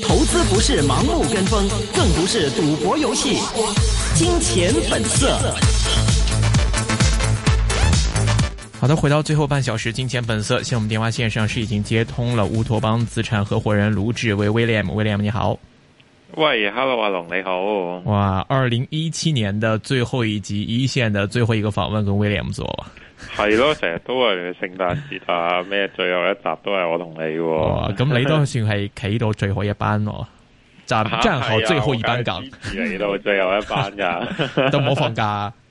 投資不是盲目跟風，更不是賭博遊戲。金錢本色。好的，回到最後半小時，金錢本色。現在我們電話線上是已經接通了烏托邦資產合伙人盧志威 William，William 你好。喂，Hello 阿龍你好。哇，二零一七年的最後一集一線的最後一個訪問，跟 William 做吧。係咯，成日都係聖誕節啊！咩最後一集都係我同你，咁、啊、你都算係企到最後一班， 站站好最後二班崗，嚟到最後一班噶，都唔好放假。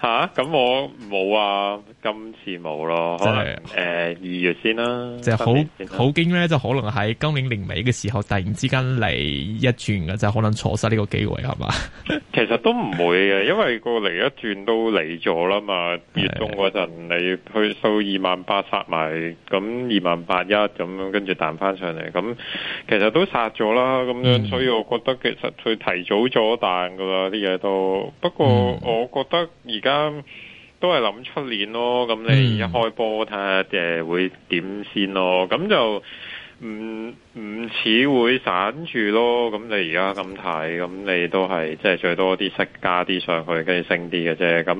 吓咁，我冇啊，今次冇咯，可能誒、就是呃、二月先啦，即係好好驚咧，就可能喺今年年尾嘅時候突然之間嚟一轉嘅，就可能錯失呢個機會係嘛？其實都唔會嘅， 因為個嚟一轉都嚟咗啦嘛，月中嗰陣你去到二萬八殺埋，咁二萬八一咁樣跟住彈返上嚟，咁其實都殺咗啦，咁樣、嗯、所以我覺得其實佢提早咗彈噶啦，啲嘢都，不過我覺得而家。都係諗出年咯，咁你一開波睇下，誒會點先咯？咁就唔唔似會散住咯。咁你而家咁睇，咁你都係即係最多啲息加啲上去，跟住升啲嘅啫。咁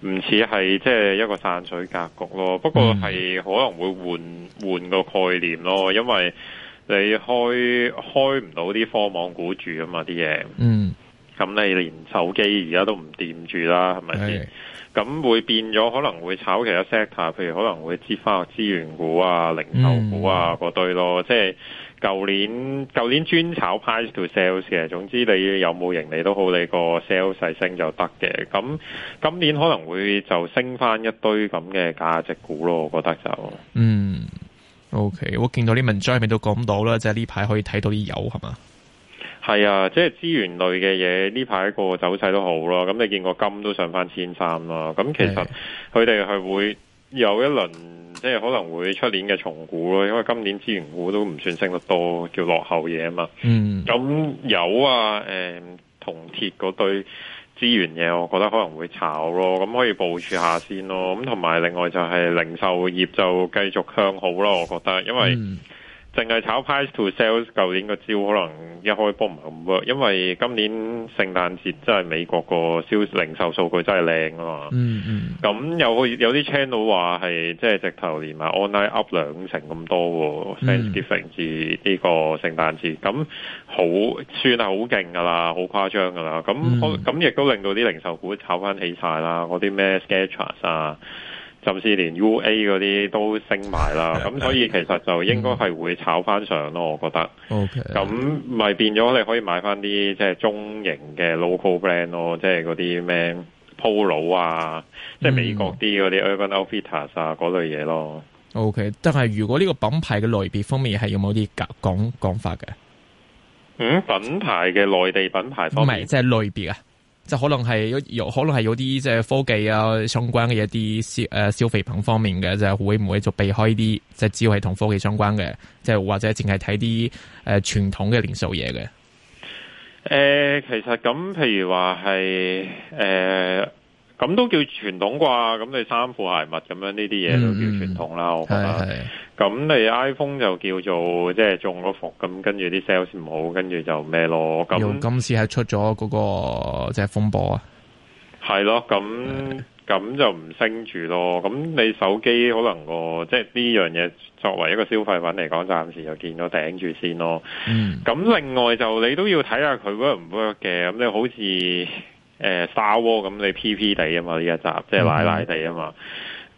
唔似係即係一個散水格局咯。不過係可能會換換個概念咯，因為你開開唔到啲科網股住啊，嘛啲嘢。嗯。咁你連手機而家都唔掂住啦，係咪先？咁 會變咗可能會炒其他 sector，譬如可能會接翻個資源股啊、零售股啊嗰、嗯、堆咯。即係舊年舊年專炒 price to sales 嘅，總之你有冇盈利都好，你個 sales 係升就得嘅。咁今年可能會就升翻一堆咁嘅價值股咯，我覺得就嗯 OK。我見到啲文章未到講到啦，即係呢排可以睇到啲油係嘛？係啊，即係資源類嘅嘢，呢排個走勢都好咯。咁你見個金都上翻千三啦。咁其實佢哋係會有一輪，即係可能會出年嘅重估咯。因為今年資源股都唔算升得多，叫落後嘢、嗯、啊嘛。嗯。咁油啊，誒，銅鐵嗰堆資源嘢，我覺得可能會炒咯。咁可以部署下先咯。咁同埋另外就係零售業就繼續向好咯。我覺得，因為。淨係炒 price to sales，舊年個招可能一開波唔係咁 work，因為今年聖誕節真係美國個銷零售數據真係靚啊嘛。咁、mm hmm. 有有啲 channel 話係即係直頭連埋 online up 兩成咁多 Thanksgiving 至呢個聖誕節，咁好算係好勁噶啦，好誇張噶啦。咁咁、mm hmm. 亦都令到啲零售股炒翻起晒啦，嗰啲咩 Skechers 啊。甚至連 UA 嗰啲都升埋啦，咁所以其實就應該係會炒翻上咯，嗯、我覺得。OK. 咁咪變咗你可以買翻啲即係中型嘅 local brand 咯，即係嗰啲咩 Polo 啊，即係美國啲嗰啲 Urban Outfitters 啊嗰、嗯、類嘢咯。OK. 但係如果呢個品牌嘅類別方面係有冇啲講講法嘅？嗯，品牌嘅內地品牌方面，唔係即係類別啊。就可能係有可能係有啲即係科技啊相關嘅一啲消誒、呃、消費品方面嘅，就會唔會就避開啲即係只要係同科技相關嘅，即係或者淨係睇啲誒傳統嘅零售嘢嘅？誒、呃，其實咁，譬如話係誒。呃咁都叫傳統啩？咁你衫褲鞋襪咁樣呢啲嘢都叫傳統啦。係係、嗯。咁你 iPhone 就叫做即係中咗伏，咁跟住啲 sales 唔好，跟住就咩咯？咁今次係出咗嗰個即係風波啊？係咯，咁咁就唔升住咯。咁你手機可能個即係呢樣嘢作為一個消費品嚟講，暫時就見到頂住先咯。嗯。咁另外就你都要睇下佢 work 唔 work 嘅。咁你好似。誒，Star Wars，咁你 P P 地啊嘛，呢一集，即係奶奶地啊嘛，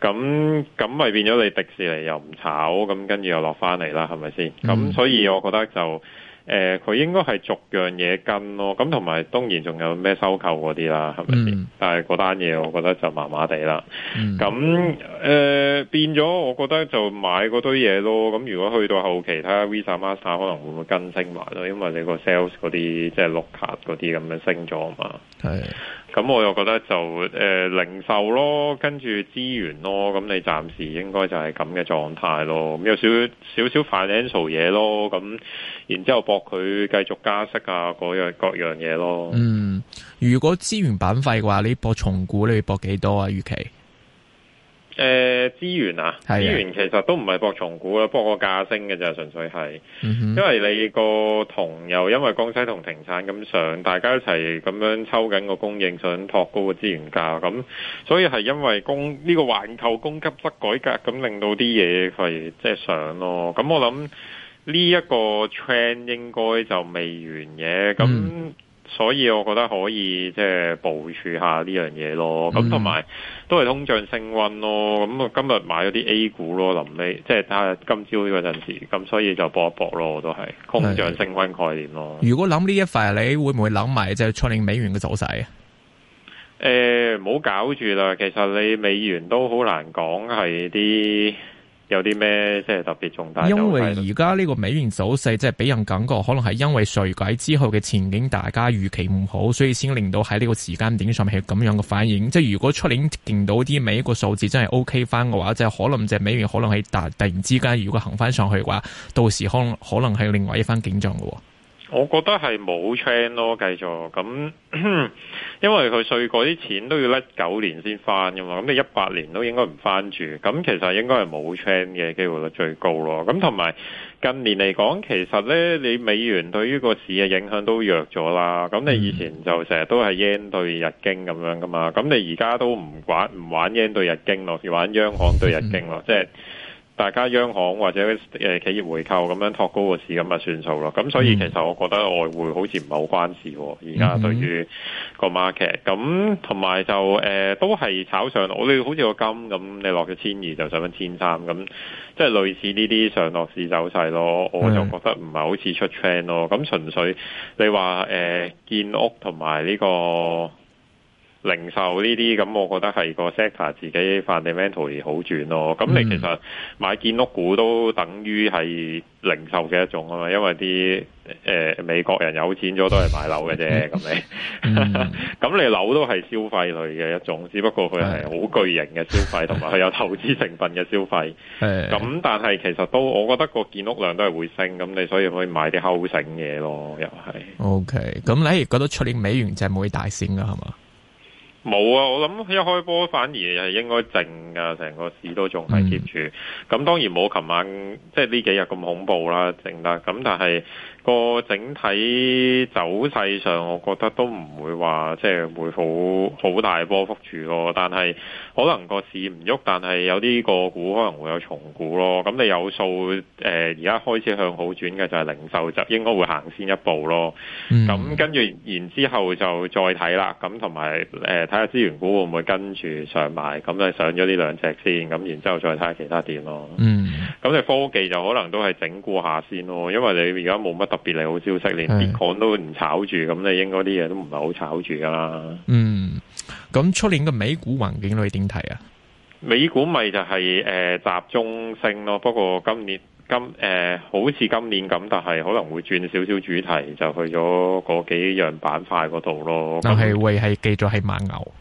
咁咁咪變咗你迪士尼又唔炒，咁跟住又落翻嚟啦，係咪先？咁、mm hmm. 所以我覺得就。誒佢、呃、應該係逐樣嘢跟咯，咁同埋當然仲有咩收購嗰啲啦，係咪先？嗯、但係嗰單嘢我覺得就麻麻地啦。咁誒、嗯呃、變咗，我覺得就買嗰堆嘢咯。咁如果去到後期，睇下 Visa Master 可能會唔會跟升埋咯，因為你個 sales 嗰啲即係碌卡嗰啲咁樣升咗嘛。係。咁我又覺得就誒、呃、零售咯，跟住資源咯，咁你暫時應該就係咁嘅狀態咯。咁有少少少 financial 嘢咯，咁然之後博佢繼續加息啊，各樣各樣嘢咯。嗯，如果資源板塊嘅話，你博重估，你會博幾多啊？預期？誒、呃，資源啊，的資源其實都唔係博重估啦，博個價升嘅就係純粹係，嗯、哼因為你個銅又因為江西銅停產咁上，大家一齊咁樣抽緊個供應，想托高個資源價，咁所以係因為供呢、這個環球供給側改革，咁令到啲嘢係即係上咯。咁我諗呢一個 trend 應該就未完嘅，咁、嗯。所以我覺得可以即係部署下呢樣嘢咯，咁同埋都係通脹升溫咯。咁今日買咗啲 A 股咯，臨尾即係睇下今朝嗰陣時，咁所以就搏一搏咯，我都係通脹升溫概念咯。如果諗呢一塊，你會唔會諗埋即係出年美元嘅走勢？誒、呃，冇搞住啦。其實你美元都好難講係啲。有啲咩即係特別重大？因為而家呢個美元走勢，即係俾人感覺可能係因為稅改之後嘅前景大家預期唔好，所以先令到喺呢個時間點上面係咁樣嘅反應。即係如果出年見到啲美國數字真係 OK 翻嘅話，即係可能隻美元可能係突突然之間如果行翻上去嘅話，到時可能可能係另外一番景象嘅。我覺得係冇 change 咯，繼續咁，因為佢稅啲錢都要一九年先翻噶嘛，咁你一八年都應該唔翻住，咁其實應該係冇 change 嘅機會率最高咯。咁同埋近年嚟講，其實咧你美元對於個市嘅影響都弱咗啦。咁你以前就成日都係 yen 對日經咁樣噶嘛，咁你而家都唔玩唔玩 yen 對日經咯，要玩央行對日經咯，即係。大家央行或者誒企業回購咁樣托高個市咁咪算數咯。咁所以其實我覺得外匯好似唔係好關事喎、哦。而家對於個 market，咁同埋就誒、呃、都係炒上，我哋好似個金咁，你落咗千二就上咗千三，咁即係類似呢啲上落市走勢咯。我就覺得唔係好似出 trend 咯，咁純粹你話誒、呃、建屋同埋呢個。零售呢啲咁，我覺得係個 sector 自己 fundamentally 好轉咯。咁你其實買建屋股都等於係零售嘅一種啊嘛，因為啲誒、呃、美國人有錢咗都係買樓嘅啫。咁、 嗯、 你咁你樓都係消費類嘅一種，只不過佢係好巨型嘅消費，同埋佢有投資成分嘅消費。咁的但係其實都我覺得個建屋量都係會升。咁你所以可以買啲後醒嘢咯，又係 OK。咁你覺得出年美元就冇會大升噶係嘛？冇啊！我諗一開波反而係應該靜噶，成個市都仲係貼住。咁、嗯、當然冇琴晚即係呢幾日咁恐怖啦，靜得咁，但係。個整體走勢上，我覺得都唔會話即係會好好大波幅住咯。但係可能個市唔喐，但係有啲個股可能會有重估咯。咁你有數誒，而、呃、家開始向好轉嘅就係零售，就應該會行先一步咯。咁、嗯、跟住然之後就再睇啦。咁同埋誒，睇下資源股會唔會跟住上埋。咁啊，上咗呢兩隻先，咁然之後再睇下其他店咯。嗯。咁你科技就可能都係整固下先咯，因為你而家冇乜特別利好消息，連跌 i 都唔炒住，咁你應該啲嘢,都唔係好炒住噶啦。嗯，咁出年嘅美股環境你點睇啊？美股咪就係、是、誒、呃、集中升咯，不過今年今誒、呃、好似今年咁，但係可能會轉少少主題，就去咗嗰幾樣板塊嗰度咯。就係會係繼咗係慢牛。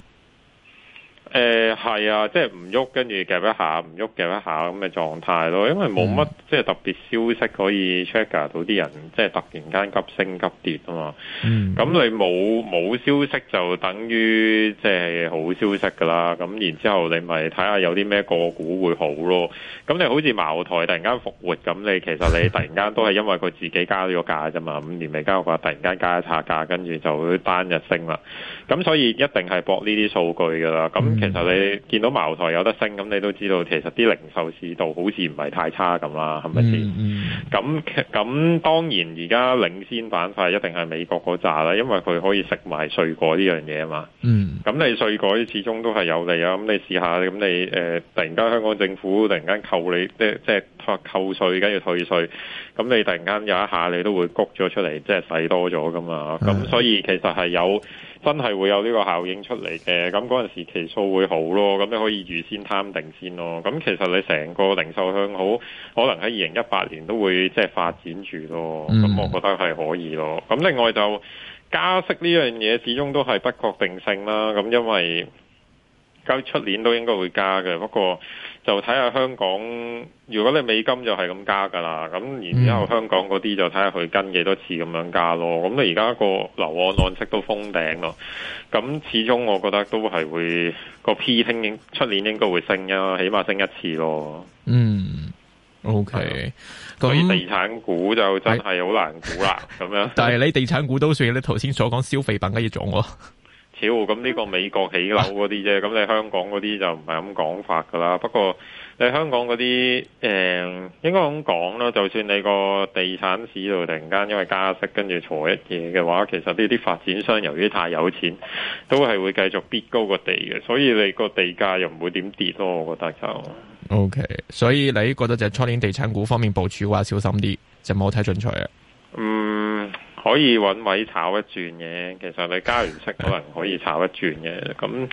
誒，係、呃、啊，即係唔喐，跟住夾一下，唔喐夾一下咁嘅狀態咯。因為冇乜即係特別消息可以 check、er、到啲人，即係突然間急升急跌啊嘛。咁、嗯嗯、你冇冇消息就等於即係好消息噶啦。咁然之後你咪睇下有啲咩個股會好咯。咁你好似茅台突然間復活，咁你其實你突然間都係因為佢自己加咗個價啫嘛。五年未交過突然間加一差價，跟住就會單日升啦。咁所以一定係搏呢啲數據噶啦。咁、嗯、其實你見到茅台有得升，咁你都知道其實啲零售市道好似唔係太差咁啦，係咪先？咁咁、嗯嗯、當然而家領先板塊一定係美國嗰扎啦，因為佢可以食埋稅改呢樣嘢啊嘛。嗯。咁你稅改始終都係有利啊。咁你試下，咁你誒、呃、突然間香港政府突然間扣你，呃、即即係扣稅，跟住退稅，咁你突然間有一下你都會谷咗出嚟，即係使多咗噶嘛。咁所以其實係有。真係會有呢個效應出嚟嘅，咁嗰陣時期數會好咯，咁你可以預先探定先咯。咁其實你成個零售向好，可能喺二零一八年都會即係發展住咯。咁我覺得係可以咯。咁另外就加息呢樣嘢，始終都係不確定性啦。咁因為加出年都應該會加嘅，不過就睇下香港。如果你美金就係咁加㗎啦，咁然之後香港嗰啲就睇下佢跟幾多次咁樣加咯。咁你而家個樓按按息都封頂咯。咁始終我覺得都係會個 P 聽應出年應該會升啊，起碼升一次咯。嗯，OK 的。竟所以地產股就真係好難估啦。咁、哎、樣， 但係你地產股都算你頭先所講消費品嘅一種。屌，咁呢個美國起樓嗰啲啫，咁你香港嗰啲就唔係咁講法噶啦。不過你香港嗰啲誒，應該咁講咯。就算你個地產市度突然間因為加息跟住坐一嘢嘅話，其實呢啲發展商由於太有錢，都係會繼續逼高個地嘅，所以你個地價又唔會點跌咯。我覺得就 OK。所以你覺得就初年地產股方面部署話小心啲，就冇睇進取嘅。嗯。可以揾位炒一轉嘅，其實你加完息可能可以炒一轉嘅。咁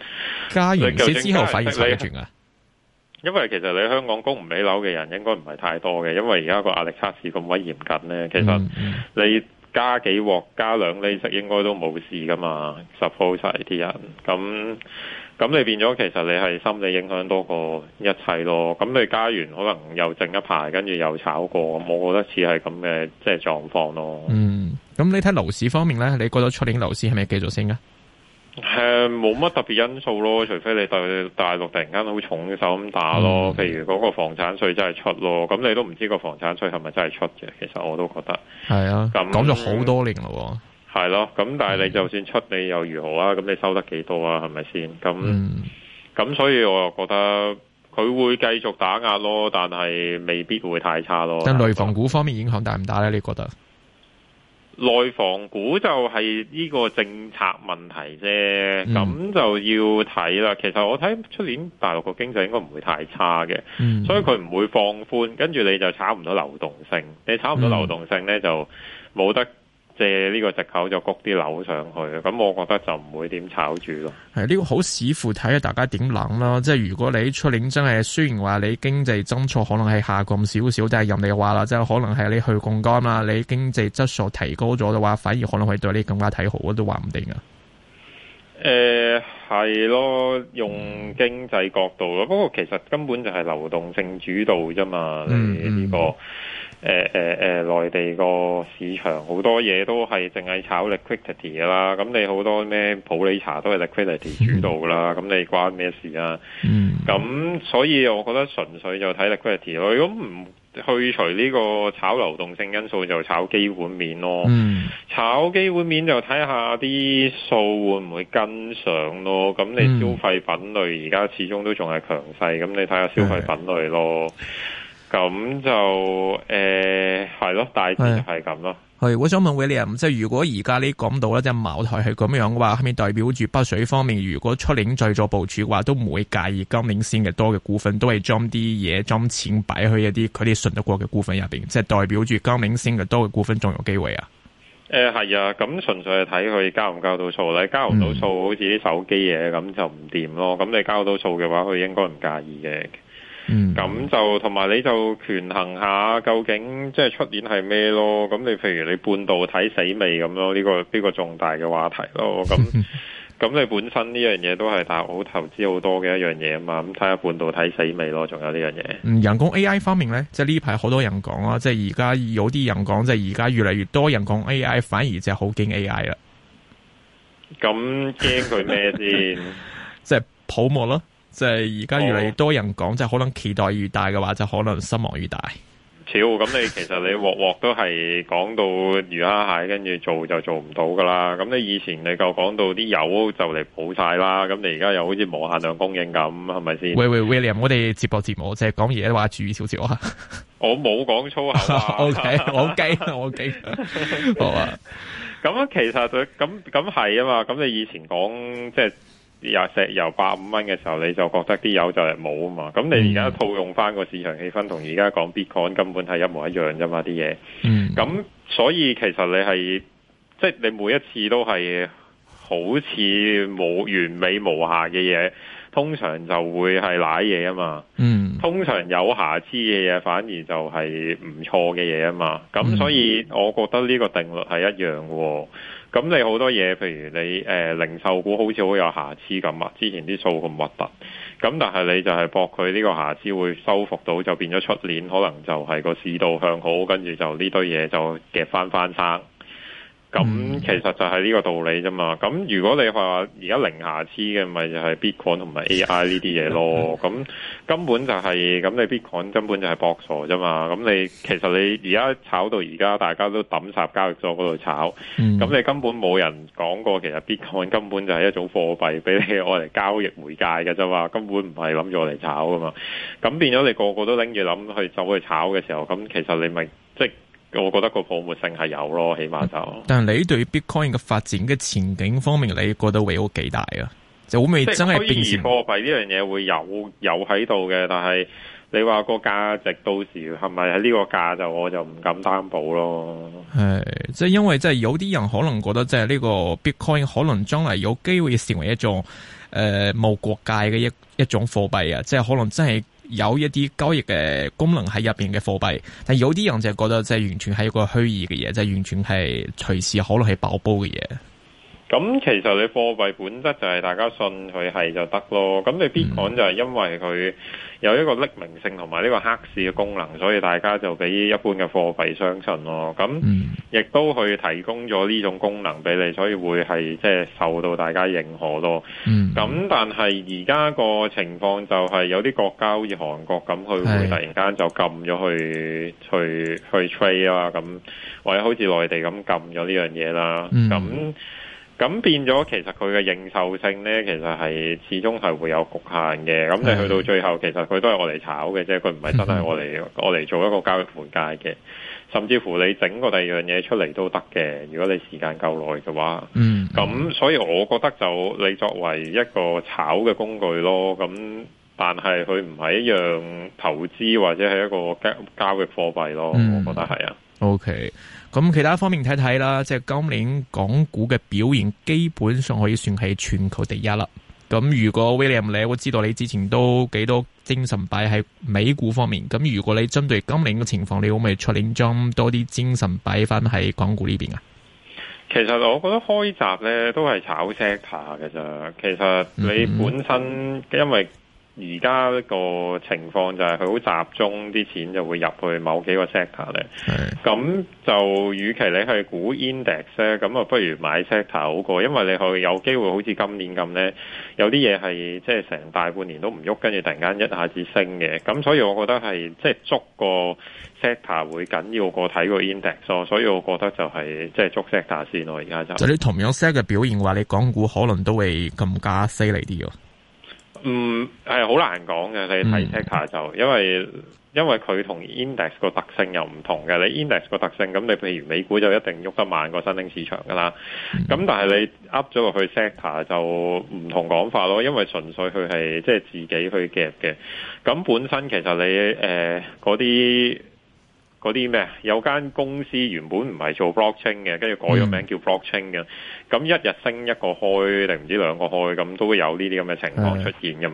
加完息之後反而升一轉啊？因為其實你香港供唔起樓嘅人應該唔係太多嘅，因為而家個壓力測試咁鬼嚴謹咧。其實你加幾鑊、加兩厘息應該都冇事噶嘛。support 晒啲人，咁咁你變咗其實你係心理影響多過一切咯。咁你加完可能又剩一排，跟住又炒過，咁我覺得似係咁嘅即係狀況咯。嗯。咁你睇樓市方面咧，你覺得出年樓市係咪繼續升啊？誒、嗯，冇、嗯、乜特別因素咯，除非你大大陸突然間好重手咁打咯，譬如嗰個房產稅真係出咯，咁你都唔知個房產稅係咪真係出嘅。其實我都覺得係啊。咁講咗好多年、嗯、咯，係咯。咁但係你就算出你又如何啊？咁你收得幾多啊？係咪先？咁咁、嗯、所以我又覺得佢會繼續打壓咯，但係未必會太差咯。但係類房股方面影響大唔大咧？你覺得？內房股就係呢個政策問題啫，咁、嗯、就要睇啦。其實我睇出年大陸個經濟應該唔會太差嘅，嗯、所以佢唔會放寬，跟住你就炒唔到流動性。你炒唔到流動性呢，就冇得借呢個藉口就谷啲樓上去，咁我覺得就唔會點炒住咯。係呢、這個好視乎睇，看看大家點諗啦？即係如果你出年真係，雖然話你經濟增速可能係下降少少，但係任你話啦，即係可能係你去槓杆啦，你經濟質素,素提高咗嘅話，反而可能係對你更加睇好，都話唔定啊。誒係、呃、咯，用經濟角度咯，不過其實根本就係流動性主導啫嘛。呢、這個、嗯。嗯誒誒誒，內地個市場好多嘢都係淨係炒 liquidity 噶啦，咁你好多咩普洱茶都係 liquidity 主導噶啦，咁你關咩事啊？咁、嗯嗯、所以我覺得純粹就睇 liquidity 咯，如果唔去除呢個炒流動性因素，就炒基本面咯。 炒基本面就睇下啲數會唔會跟上咯。咁你消費品類而家始終都仲係強勢，咁你睇下消費品類咯。 咁就誒係咯，大致係咁咯。係，我想問 William，即係如果而家你講到咧，即係茅台係咁樣嘅話，係咪代表住北水方面如果出年再做部署嘅話，都唔會介意今年先嘅多嘅股份都係將啲嘢，將錢擺去一啲佢哋信得過嘅股份入邊，即係代表住今年先嘅多嘅股份仲有機會啊？誒係啊，咁純粹係睇佢交唔交到數啦。交唔到數，嗯，好似啲手機嘢咁就唔掂咯。咁你交到數嘅話，佢應該唔介意嘅。嗯，咁就同埋你就權衡下究竟即係出年係咩咯？咁你譬如你半導體死未咁咯？呢個呢個重大嘅話題咯。咁咁你本身呢樣嘢都係大學好投資好多嘅一樣嘢啊嘛。咁睇下半導體死未咯？仲有呢樣嘢。嗯，人工 A I 方面咧，即係呢排好多人講啊，即係而家有啲人講，即係而家越嚟越多人講 A I，反而就係好驚 A I 啦。咁驚佢咩先？即係泡沫咯。即係而家越嚟越多人講，就、oh, 可能期待越大嘅話，就可能失望越大。超，咁你其實你鑊鑊都係講到魚蝦蟹，跟住做就做唔到噶啦。咁你以前你夠講到啲油就嚟補晒啦。咁你而家又好似無限量供應咁，係咪先？喂喂 William，我哋接播節目，即係講嘢嘅話，注意少少吓。 我冇講粗口，OK，OK，OK。好啊。咁其實就咁咁係啊嘛。咁你以前講即係，就是有石油百五蚊嘅時候，你就覺得啲油就係冇啊嘛，咁你而家套用翻個市場氣氛，同而家講 Bitcoin 根本係一模一樣啫嘛啲嘢，嗯，咁所以其實你係即係你每一次都係好似冇完美無瑕嘅嘢，通常就會係瀨嘢啊嘛，嗯，通常有瑕疵嘅嘢反而就係唔錯嘅嘢啊嘛，咁所以我覺得呢個定律係一樣嘅喎。咁你好多嘢，譬如你誒、呃、零售股好似好有瑕疵咁啊，之前啲數咁核突，咁但係你就係博佢呢個瑕疵會收復到，就變咗出年可能就係個市道向好，跟住就呢堆嘢就夾翻翻生。咁、嗯、其實就係呢個道理啫嘛。咁如果你話而家零瑕疵嘅，咪就係、是、Bitcoin 同埋 AI 呢啲嘢咯。咁 根本就係、是、咁，你 Bitcoin 根本就係博傻啫嘛。咁你其實你而家炒到而家，大家都抌曬交易所嗰度炒。咁、嗯、你根本冇人講過，其實 Bitcoin 根本就係一種貨幣俾你我嚟交易媒介嘅啫嘛。根本唔係諗住我嚟炒噶嘛。咁變咗你個個都拎住諗去走去炒嘅時候，咁其實你咪即我覺得個泡沫性係有咯，起碼就。但係你對 Bitcoin 嘅發展嘅前景方面，你覺得會有幾大啊？就未真係變成貨幣呢樣嘢會有有喺度嘅，但係你話個價值到時係咪喺呢個價就我就唔敢擔保咯。係，即係因爲即係有啲人可能覺得即係呢個 Bitcoin 可能將來有機會成為一種誒冇、呃、國界嘅一一種貨幣啊，即係可能真係。有一啲交易嘅功能喺入邊嘅貨幣，但有啲人就係覺得即係完全係一個虛擬嘅嘢，即係完全係隨時可能係爆煲嘅嘢。咁其實你貨幣本質就係大家信佢係就得咯。咁你 Bitcoin、mm. 就係因為佢有一個匿名性同埋呢個黑市嘅功能，所以大家就比一般嘅貨幣相信咯。咁亦、mm. 都去提供咗呢種功能俾你，所以會係即係受到大家認可咯。咁、mm. 但係而家個情況就係有啲國家好似韓國咁，佢會突然間就禁咗去的去去 trade 啊咁，或者好似內地咁禁咗呢樣嘢啦。咁、mm. 咁變咗，其實佢嘅認受性咧，其實係始終係會有局限嘅。咁你去到最後，其實佢都係我哋炒嘅啫，佢唔係真係我哋，我嚟 做一個交易媒介嘅。甚至乎你整個第二樣嘢出嚟都得嘅，如果你時間夠耐嘅話。嗯。咁所以，我覺得就你作為一個炒嘅工具咯。咁但係佢唔係一樣投資或者係一個交交易貨幣咯。嗯。我覺得係啊。OK。咁其他方面睇睇啦，即係今年港股嘅表現基本上可以算係全球第一啦。咁如果 William 你，我知道你之前都幾多精神擺喺美股方面，咁如果你針對今年嘅情況，你可唔可以出年將多啲精神擺翻喺港股呢邊啊？其實我覺得開閘呢都係炒 sector 嘅啫。其實你本身因為。而家一個情況就係佢好集中啲錢就會入去某幾個 sector 咧。咁是的 就與其你去估 index 咧，咁啊不如買 sector 好過，因為你去有機會好似今年咁呢，有啲嘢係即係成大半年都唔喐，跟住突然間一下子升嘅。咁所以我覺得係即係捉個 sector 會緊要過睇個 index 咯。所以我覺得就係即係捉 sector 先咯。而家就就你同樣 sector 嘅表現話，你港股可能都會更加犀利啲喎。嗯，係好難講嘅。你睇 sector 就，因為因為佢同 index 個特性又唔同嘅。你 index 個特性，咁你譬如美股就一定喐得慢過新興市場噶啦。咁但係你噏咗落去 sector 就唔同講法咯，因為純粹佢係即係自己去夾嘅。咁本身其實你誒嗰啲。呃嗰啲咩？有間公司原本唔係做 blockchain 嘅，跟住改咗名叫 blockchain 嘅。咁、嗯、一日升一個開定唔知兩個開，咁都會有呢啲咁嘅情況出現咁。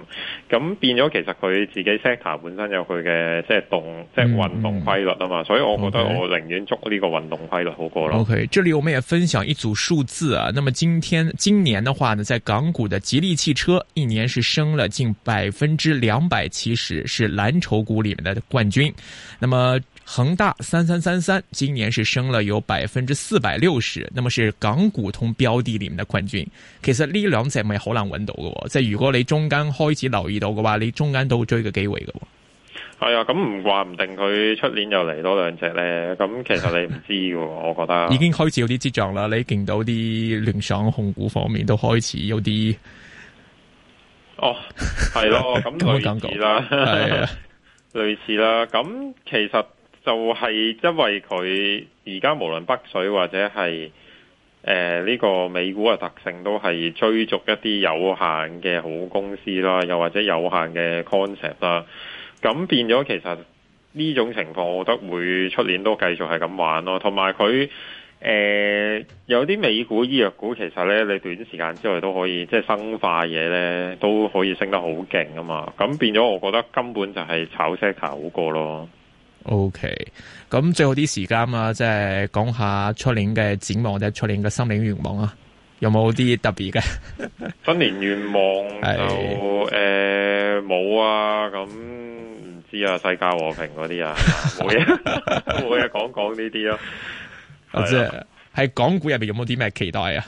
咁、嗯、變咗其實佢自己 sector 本身有佢嘅即係動即係運動規律啊嘛。嗯、所以我覺得我寧願捉呢個運動規律好過咯。OK，這裏我們也分享一組數字啊。那麼今天今年的話呢，在港股的吉利汽車一年是升了近百分之兩百七十，是藍籌股，股裏面的冠軍。那麼恒大三三三三，今年是升了有百分之四百六十，那麼是港股通標的裏面的冠軍。其實呢兩隻咪好難揾到嘅，即係如果你中間開始留意到嘅話，你中間都會追個機會嘅。係啊、哎，咁唔話唔定佢出年又嚟多兩隻咧。咁其實你唔知嘅， 我覺得已經開始有啲跡象啦。你見到啲聯想控股方面都開始有啲， 哦，係咯，咁類似啦，係啊，類似啦。咁、哎、其實。就係因為佢而家無論北水或者係誒呢個美股嘅特性，都係追逐一啲有限嘅好公司啦，又或者有限嘅 concept 啦。咁變咗，其實呢種情況，我覺得會出年都繼續係咁玩咯。同埋佢誒有啲、呃、美股醫藥股，其實呢你短時間之內都可以即係生化嘢呢都可以升得好勁啊嘛。咁變咗，我覺得根本就係炒車好過咯。O K，咁最後啲時間、 呃、啊,即係講下出年嘅展望或者出年嘅新年願望啊，有冇啲特別嘅？新年願望就誒冇啊，咁唔知啊，世界和平嗰啲 啊，會啊，會啊，講講呢啲啊。或者係港股入邊有冇啲咩期待啊？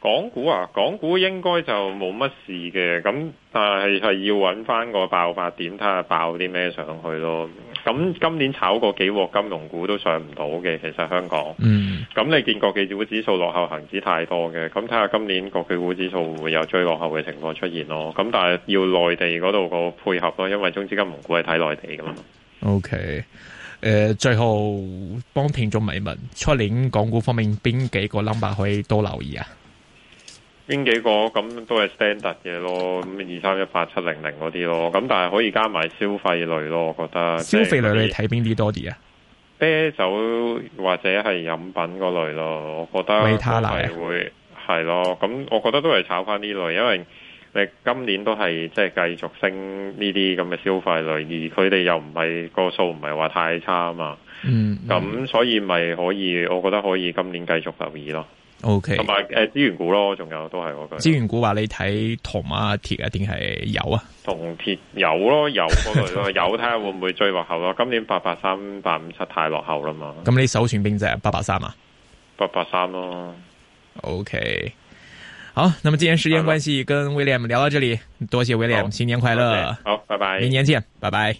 港股啊，港股應該就冇乜事嘅，咁但係係要揾翻個爆發點，睇下爆啲咩上去咯。咁今年炒過幾鑊金融股都上唔到嘅，其實香港。咁你見國企股指數落後恆指太多嘅，咁睇下今年國企股指數會有追落後嘅情況出現咯。咁但係要內地嗰度個配合咯，因為中資金融股係睇內地噶嘛。O K，誒，最後幫聽眾問一問，出年港股方面邊幾個 number 可以多留意啊？邊幾個咁都係 standard 嘅咯，咁二三一八七零零嗰啲咯，咁但係可以加埋消費類咯，我覺得。消費類你睇邊啲多啲啊？啤酒或者係飲品嗰類咯，我覺得係會係咯，咁我覺得都係炒翻呢類，因為你今年都係即係繼續升呢啲咁嘅消費類，而佢哋又唔係、個數唔係話太差啊嘛嗯。嗯。咁所以咪可以，我覺得可以今年繼續留意咯。O K，同埋誒資源股咯，仲有都係我覺得。資源股話你睇銅啊、鐵啊，定係、啊、油啊？銅、鐵、油咯，油嗰個， 油睇下會唔會追落後咯？今年八八三、八五七太落後啦嘛。咁你首選邊隻？八八三啊？八八三咯。啊、o、okay, K，好，那麼今天時間關係，跟 William 聊到這裏，多謝 William，好新年快樂。好，拜拜，明年，年，年見，拜拜。